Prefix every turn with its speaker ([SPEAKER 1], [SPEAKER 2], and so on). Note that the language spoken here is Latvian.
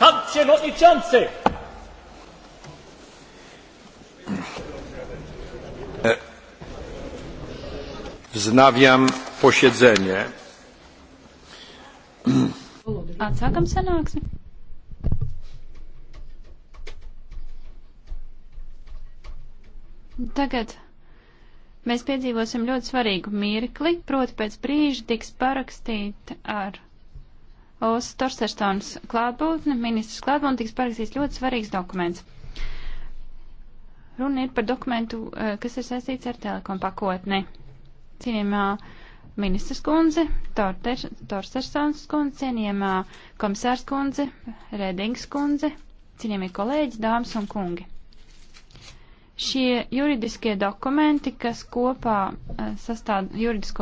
[SPEAKER 1] Pan przewodniczący!
[SPEAKER 2] E, wznawiam posiedzenie.
[SPEAKER 3] Atsākam sanāksmi. Tagad mēs piedzīvosim ļoti svarīgu mirkli, proti pēc brīža tiks parakstīt ar uz Torsterstons klātbūtni, ministrs klātbūtni tiks parakstīts ļoti svarīgs dokuments. Runa ir par dokumentu, eh, kas ir saistīts ar telekom pakotni. Cienījumā ministrs kundze, Torsterstons kundze, cienījumā komisārs kundze, Redings kundze, cienījumie kolēģi, dāmas un kungi. Šie juridiskie dokumenti, kas kopā eh, sastāv juridisko